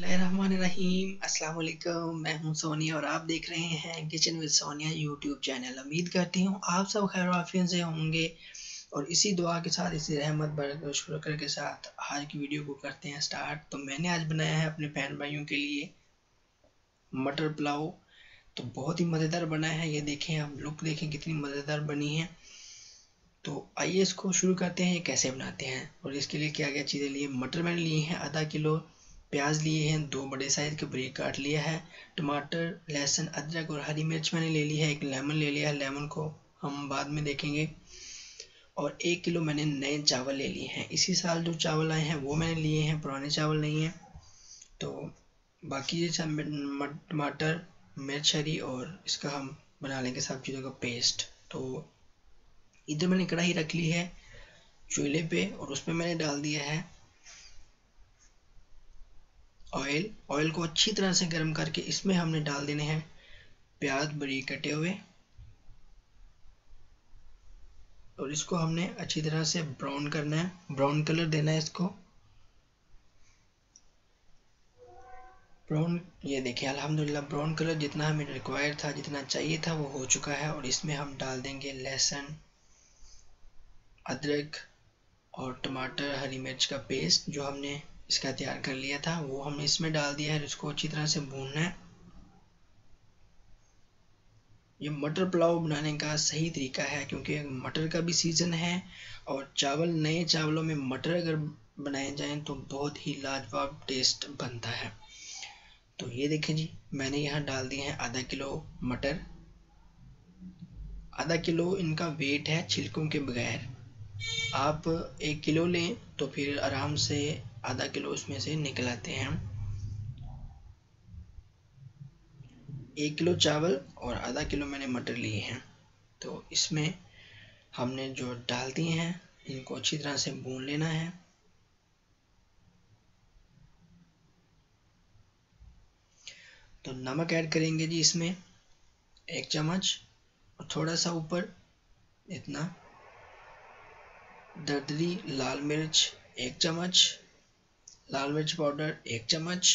बिस्मिल्लाहिर्रहमानिर्रहीम अस्सलाम वालेकुम मैं हूं सोनिया और आप देख रहे हैं kitchen with Sonia YouTube channel उम्मीद करती हूं आप सब खैर वाफियन से होंगे और इसी दुआ के साथ इसी रहमत बरकत शुक्र के साथ आज की वीडियो को करते हैं स्टार्ट तो मैंने आज बनाया है अपने बहन भाइयों के लिए मटर पुलाव तो बहुत ही मज़ेदार बना है ये देखें आप लुक देखें कितनी मज़ेदार बनी है तो आइए इसको शुरू करते हैं ये कैसे बनाते हैं और इसके लिए क्या क्या चीज़ें लिए मटर मैंने लिए हैं आधा किलो प्याज लिए हैं दो बड़े साइज के ब्रेक काट लिया है टमाटर लहसुन अदरक और हरी मिर्च मैंने ले ली है एक लेमन ले लिया है लेमन को हम बाद में देखेंगे और एक किलो मैंने नए चावल ले लिए हैं इसी साल जो चावल आए हैं वो मैंने लिए हैं पुराने चावल नहीं हैं तो बाकी टमाटर मिर्च हरी और इसका हम बना लेंगे सब चीज़ों का पेस्ट तो इधर मैंने कढ़ाई रख ली है चूल्हे पे और उसमें मैंने डाल दिया है ऑयल ऑयल को अच्छी तरह से गर्म करके इसमें हमने डाल देने हैं प्याज बड़ी कटे हुए और इसको हमने अच्छी तरह से ब्राउन करना है ब्राउन कलर देना है इसको ब्राउन ये देखिए अल्हम्दुलिल्लाह ब्राउन कलर जितना हमें रिक्वायर था जितना चाहिए था वो हो चुका है और इसमें हम डाल देंगे लहसुन अदरक और टमाटर हरी मिर्च का पेस्ट जो हमने इसका तैयार कर लिया था वो हमने इसमें डाल दिया है इसको अच्छी तरह से भूनना है ये मटर पुलाव बनाने का सही तरीका है क्योंकि मटर का भी सीज़न है और चावल नए चावलों में मटर अगर बनाए जाएं तो बहुत ही लाजवाब टेस्ट बनता है तो ये देखें जी मैंने यहाँ डाल दिए हैं आधा किलो मटर आधा किलो इनका वेट है छिलकों के बगैर आप एक किलो लें तो फिर आराम से आधा किलो उसमें से निकलाते हैं एक किलो चावल और आधा किलो मैंने मटर लिए हैं तो इसमें हमने जो डाल दिए हैं इनको अच्छी तरह से भून लेना है तो नमक ऐड करेंगे जी इसमें एक चम्मच और थोड़ा सा ऊपर इतना दर्दरी लाल मिर्च एक चम्मच लाल मिर्च पाउडर एक चम्मच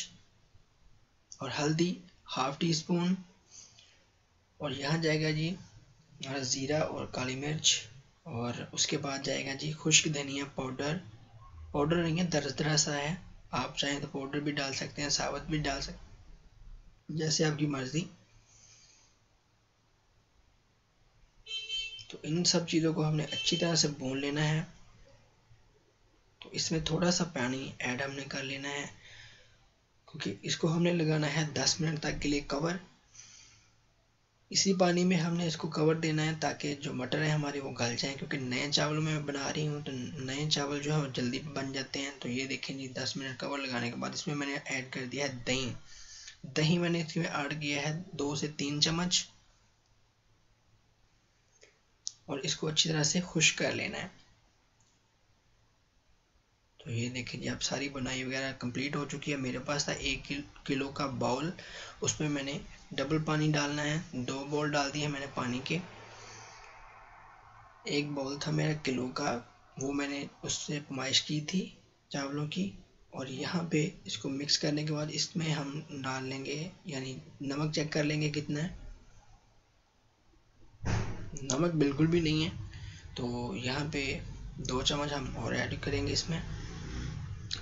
और हल्दी हाफ टी स्पून और यहाँ जाएगा जी हमारा ज़ीरा और काली मिर्च और उसके बाद जाएगा जी खुश्क धनिया पाउडर पाउडर नहीं है दरदरा सा है आप चाहें तो पाउडर भी डाल सकते हैं साबुत भी डाल सकते हैं जैसे आपकी मर्ज़ी तो इन सब चीज़ों को हमने अच्छी तरह से भून लेना है तो इसमें थोड़ा सा पानी ऐड हमने कर लेना है क्योंकि इसको हमने लगाना है दस मिनट तक के लिए कवर इसी पानी में हमने इसको कवर देना है ताकि जो मटर है हमारे वो गल जाएं क्योंकि नए चावल में बना रही हूँ तो नए चावल जो है वो जल्दी बन जाते हैं तो ये देखें जी दस मिनट कवर लगाने के बाद इसमें मैंने ऐड कर दिया है दही दही मैंने इसमें ऐड किया है दो से तीन चम्मच और इसको अच्छी तरह से खुश कर लेना है ये देखिए जी आप सारी बनाई वगैरह कंप्लीट हो चुकी है मेरे पास था एक किलो का बाउल उसमें मैंने डबल पानी डालना है दो बॉल डाल दिए मैंने पानी के एक बॉल था मेरा किलो का वो मैंने उससे पुमाइश की थी चावलों की और यहाँ पे इसको मिक्स करने के बाद इसमें हम डाल लेंगे यानी नमक चेक कर लेंगे कितना है नमक बिल्कुल भी नहीं है तो यहाँ पे दो चम्मच हम और ऐड करेंगे इसमें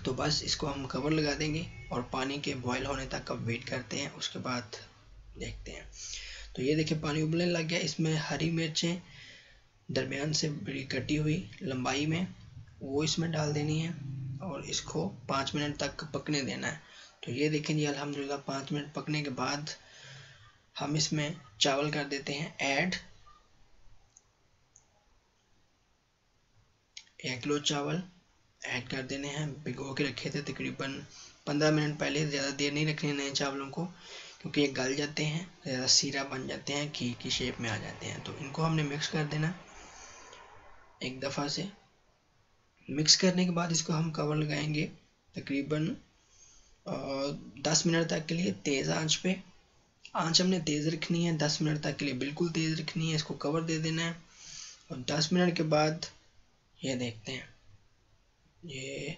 तो बस इसको हम कवर लगा देंगे और पानी के बॉयल होने तक अब वेट करते हैं उसके बाद देखते हैं तो ये देखिए पानी उबलने लग गया इसमें हरी मिर्चें दरमियान से कटी हुई लंबाई में वो इसमें डाल देनी है और इसको पाँच मिनट तक पकने देना है तो ये देखें जी अलहमदिल्ला पाँच मिनट पकने के बाद हम इसमें चावल कर देते हैं ऐड एक किलो चावल ऐड कर देने हैं भिगो के रखे थे तकरीबन पंद्रह मिनट पहले ज़्यादा देर नहीं रखने नए चावलों को क्योंकि ये गल जाते हैं ज़्यादा सीरा बन जाते हैं घी की शेप में आ जाते हैं तो इनको हमने मिक्स कर देना एक दफ़ा से मिक्स करने के बाद इसको हम कवर लगाएंगे तकरीबन दस मिनट तक के लिए तेज़ आंच पे आंच हमने तेज़ रखनी है दस मिनट तक के लिए बिल्कुल तेज़ रखनी है इसको कवर दे देना है और दस मिनट के बाद ये देखते हैं ये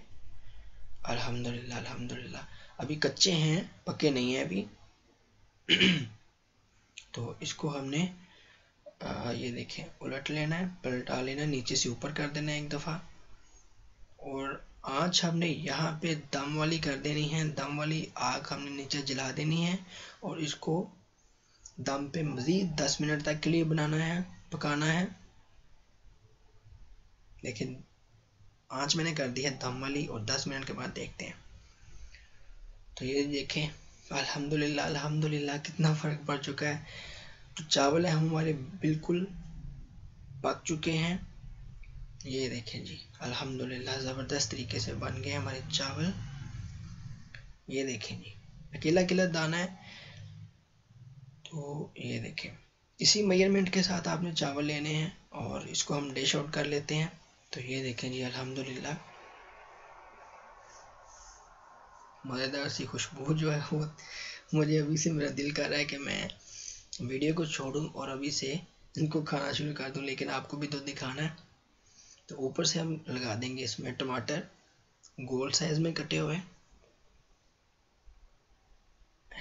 अल्हम्दुलिल्लाह अल्हम्दुलिल्लाह अभी कच्चे हैं पके नहीं हैं अभी तो इसको हमने आ, ये देखें उलट लेना है पलटा लेना है नीचे से ऊपर कर देना है एक दफ़ा और आँच हमने यहाँ पे दम वाली कर देनी है दम वाली आग हमने नीचे जला देनी है और इसको दम पे मज़ीद दस मिनट तक के लिए बनाना है पकाना है लेकिन आज मैंने कर दी है दम वाली और दस मिनट के बाद देखते हैं तो ये देखें अल्हम्दुलिल्लाह अल्हम्दुलिल्लाह कितना फ़र्क पड़ चुका है तो चावल है हमारे बिल्कुल पक चुके हैं ये देखें जी अल्हम्दुलिल्लाह ज़बरदस्त तरीके से बन गए हमारे चावल ये देखें जी अकेला अकेला दाना है तो ये देखें इसी मेजरमेंट के साथ आपने चावल लेने हैं और इसको हम डिश आउट कर लेते हैं तो ये देखें जी अल्हम्दुलिल्लाह मज़ेदार सी खुशबू जो है वो मुझे अभी से मेरा दिल कर रहा है कि मैं वीडियो को छोड़ूं और अभी से इनको खाना शुरू कर दूं लेकिन आपको भी तो दिखाना है तो ऊपर से हम लगा देंगे इसमें टमाटर गोल साइज़ में कटे हुए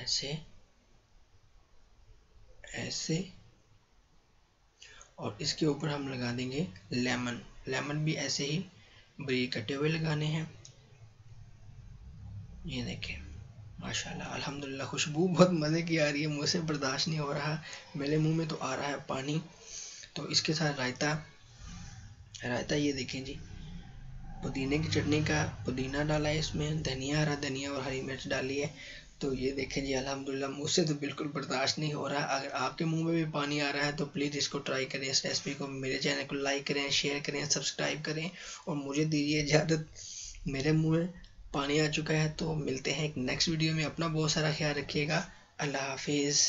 ऐसे ऐसे और इसके ऊपर हम लगा देंगे लेमन लेमन भी ऐसे ही बरी कटे हुए लगाने हैं ये देखें माशाल्लाह अल्हम्दुलिल्लाह खुशबू बहुत मज़े की आ रही है मुँह से बर्दाश्त नहीं हो रहा मेरे मुंह में तो आ रहा है पानी तो इसके साथ रायता रायता ये देखें जी पुदीने की चटनी का पुदीना डाला है इसमें धनिया हरा धनिया और हरी मिर्च डाली है तो ये देखें जी अलहमदिल्ला मुझसे तो बिल्कुल बर्दाश्त नहीं हो रहा है अगर आपके मुंह में भी पानी आ रहा है तो प्लीज़ इसको ट्राई करें इस रेसिपी को मेरे चैनल को लाइक करें शेयर करें सब्सक्राइब करें और मुझे दीजिए इजाज़त मेरे मुँह में पानी आ चुका है तो मिलते हैं एक नेक्स्ट वीडियो में अपना बहुत सारा ख्याल रखिएगा अल्लाह हाफिज़